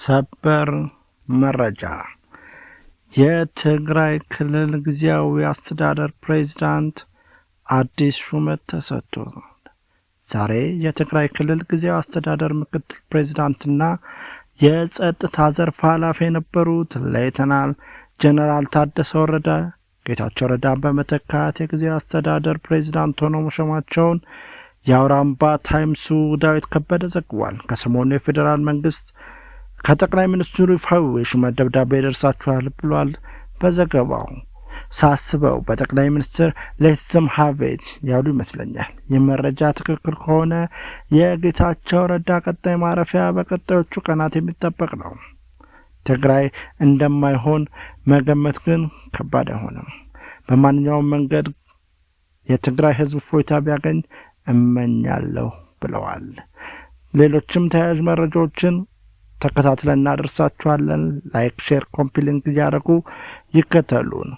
ሰበር መረጃ የትግራይ ክልል ጊዜያዊ አስተዳደር ፕሬዝዳንት አዲስ ሹመት ተሰጥቶ ዛሬ የትግራይ ክልል ጊዜያዊ አስተዳደር ምክትል ፕሬዝዳንትና የጸጥታ ዘርፍ ኃላፊ የነበሩት ሌተናል ጀነራል ታደሰ ወረደ ጌታቸው ረዳን በመተካት የጊዜያዊ አስተዳደር ፕሬዝዳንት ሆነው መሾማቸውን የአውራምባ ታይምሱ ዳዊት ከበደ ዘግቧል። ከሰሞኑ የፌዴራል መንግስት ከጠቅላይ ሚኒስትሩ ይፋዊ ሹመት ደብዳቤ ደርሳችኋል ብሏል በዘገባው። ሳስበው በጠቅላይ ሚኒስትር ሌትዝም ሀቬት ያሉ ይመስለኛል። ይህ መረጃ ትክክል ከሆነ የጌታቸው ረዳ ቀጣይ ማረፊያ በቀጣዮቹ ቀናት የሚጠበቅ ነው። ትግራይ እንደማይሆን መገመት ግን ከባድ አይሆንም። በማንኛውም መንገድ የትግራይ ህዝብ እፎይታ ቢያገኝ እመኛለሁ ብለዋል። ሌሎችም ተያያዥ መረጃዎችን ተከታትለን እናደርሳችኋለን። ላይክ፣ ሼር፣ ኮምፒሊንግ እያደረጉ ይከተሉን።